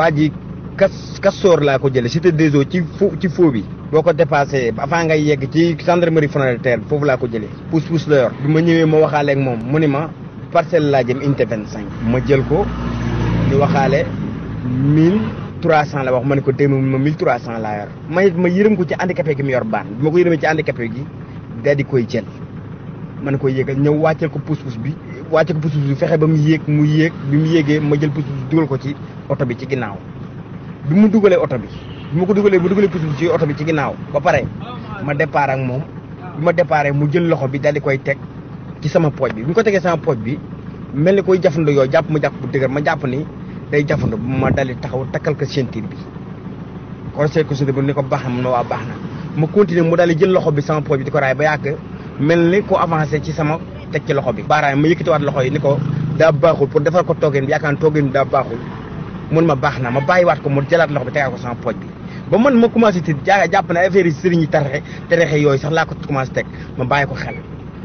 paj yi kas kastoor laa ko jële cité des eaux ci fo ci foo bi boo ko ba avant nga yegg ci gendarmerie frontière foofu laa ko jële pousse pousse la yor bi ma ñëwee ma waxaale moom mu ni ma parcelle laa jëm unité vingt cinq ma jël ko ñu waxaale mille trois cent la wax ma ne ko dégg ma mille trois cent laa yor ma it ma yërëm ko ci handicapé gi mu yor baan bi ma ko yërëmee ci handicapé gi da di koy jël man ko yéegal ñëw wàcceel ko pousse-pousse bi wàcceel ko pousse-pousse bi fexe ba mu yéeg mu yéeg bi mu yéegee ma jël pousse-pousse dugal ko ci oto bi ci ginnaaw bi mu dugalee oto bi mu ko dugalee bu dugalee pousse ci oto bi ci ginnaaw ba pare ma départ ak moom ma déparé mu jël loxo bi daal di koy teg ci sama pooj bi bi mu ko tegee sama bi mel ni koy jafandu yoo jàpp ma jàpp bu dëgër ma jàpp ni day jafandu bu ma daal di taxaw takkal ko ceinture bi conseil ko bi ni ko baax na mun na waa baax na ma continuer mu daal di jël loxo bi sama pooj bi di ko raay ba yàgg mel ni ko avancé ci sama teg ci loxo bi. baaraam ma yëkkatiwaat loxo yi ni ko daa baaxul pour defar ko toogin bi yaakaar toogin bi daa baaxul ma baax na ma bàyyiwaat ko mu jëlaat loxo bi tegaat ko sama pooj bi. ba man ma commencé jàpp na affaire yi sëriñ yi taraxe taraxe laa ko commencé teg ma bàyyi ko xel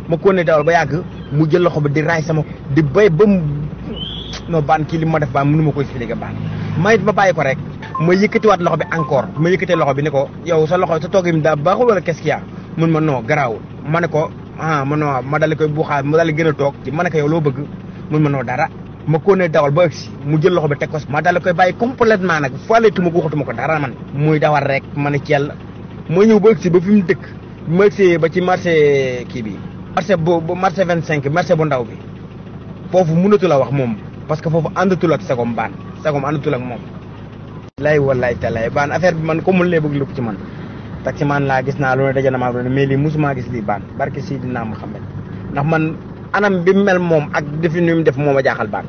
ma ko ne dawal ba yàgg mu jël loxo bi di raay sama di bay ba mu no baan kii li ma def baan mënu ma koy expliqué baan ma it ma bàyyi ko rek ma yëkkatiwaat loxo bi encore ma loxo bi ne ko yow sa loxo sa toog yi daa baaxul wala qu'est-ce mën ma noo garaawul ma ne ko ah ma non ma dal koy buuxaa ma dal gën a toog ci ma ne ko yow loo bëgg mun ma noo dara ma ko dawal ba agsi mu jël loxo bi teg ko ma dal koy bàyyi complètement nag faletuma ko ma ko dara man muy dawal rek ma ne ceel ma ñëw ba si ba fi mu dëkk ma agsee ba ci marché kii bi marché bu marché vingt cinq marché bu ndaw bi foofu mënatu a wax moom parce que foofu àndatul ak sagom baan sagom àndatul ak moom lay wallaay talaay baan affaire bi man ko mun lee bëgg lépp ci man taximaan laa gis naa loolu daje na maa loolu mais lii musuma gis lii baan barke Seydina Muhammad ndax man anam bi mel moom ak defin nu mu def moom a jaaxal baan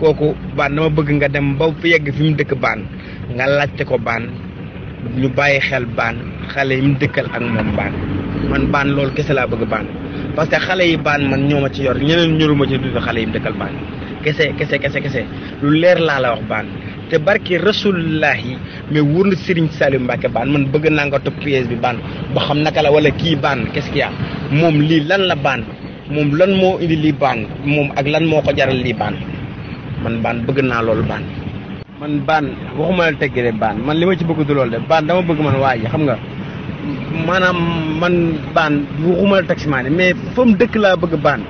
kooku baan dama bëgg nga dem ba yegg fi mu dëkk baan nga laajte ko baan ñu bàyyi xel baan xale yi mu dëkkal ak moom baan man baan loolu kese laa bëgg baan parce xale yi baan man ñoo ma ci yor ñeneen ñoruma ci dund xale yi mu dëkkal baan kese kese kese kese lu leer laa la wax baan te barki rasulullah yi mais wóor na Serigne Saliou Mbacke baan man bëgg naa bi baan ba xam naka la wala kii baan quest moom lii lan la baan moom lan moo indi lii baan moom ak lan moo ko jaral lii baan man baan bëgg naa loolu baan. man baan waxuma la tegg baan man li ma ci bëgg du de baan dama bëgg man waa ji xam nga maanaam man baan waxuma la taximaane mais fa dëkk laa bëgg baan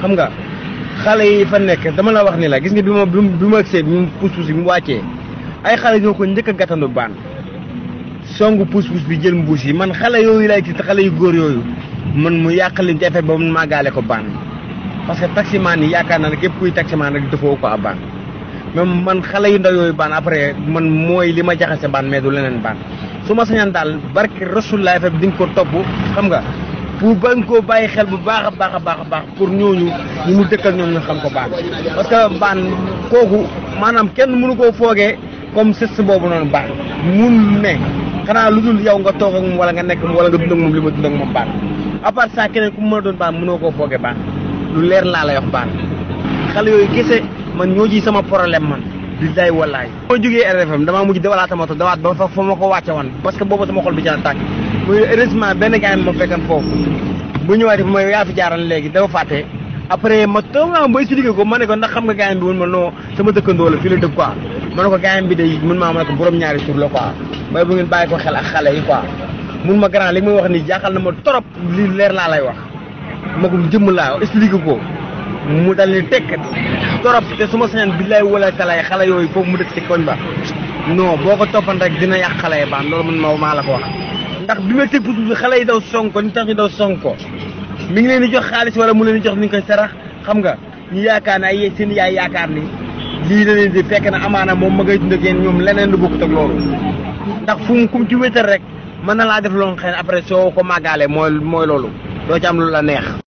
xam nga. xale yi fa nekk dama la wax ni la gis nga bi ma bi ma agsee bi mu pousse-pousse bi mu wàccee ay xale ñoo ko njëkk a gàttandu baan songu pousse-pousse bi jël mbuus yi man xale yooyu lay gis te xale yu góor yooyu man mu yàq leen ci effet ba mu màggaale ko baan parce que taximaan yi yaakaar naa ne képp kuy taximaan rek defoo ko a baan même man xale yu ndaw yooyu baan après man mooy li ma jaxase baan mais du leneen baan su ma sañaan daal barke Rasulullah fa di nga ko topp xam nga ñu bañ koo bàyyi xel bu baax a baax baax a baax pour ñooñu ñu mu dëkkal ñoom ñu xam ko baax parce que baan kooku maanaam kenn munu koo foogee comme sës boobu noonu baax mun ne xanaa lu dul yow nga toog ak moom wala nga nekk moom wala nga dund ak moom li ma dund ak moom baax à part ça ku doon baax mënoo koo foogee baax lu leer laa lay wax baax xale yooyu kese man ñoo ji sama problème man billaay wallaay. moo jógee RFM damaa mujj dawalaatama to dawaat ba fa ma ko wàcce woon parce que muy heureusement benn gars ma fekkan foofu bu ñëwaatee mooy yaa fi jaaran léegi dafa fàtte après ma toog nga ba expliqué ko ma ne ko ndax xam nga gars bi mun ma non sama dëkkandoo la fii la dëkk quoi ma ko gars bi day mun maa ma ne borom ñaari tur la quoi mooy bu ngeen ko xel ak xale yi quoi mun ma grand li may wax nii jaaxal na ma torop li leer laa lay wax magum jëmm laa expliqué ko mu dal ni tekk torop te su ma sañoon billaay wala kalaay xale yooyu foofu mu dëkk ci koñ ba noo boo ko toppan rek dina yàq xale yi baan loolu man ma maa la ko wax ndax bi ma teg putu xale yi daw sonko ñu tax ñu daw sonko mi ngi leen di jox xaalis wala mu leen jox mi ngi koy sarax xam nga ñu yaakaar na ay seen yaay yaakaar ni lii la leen di fekk na amaana moom ma ngay dund ak ñoom leneen lu bokkut ak loolu ndax fu mu kum ci wétal rek mën na laa def loolu xëy na après soo ko màggaale mooy mooy loolu doo ci am la neex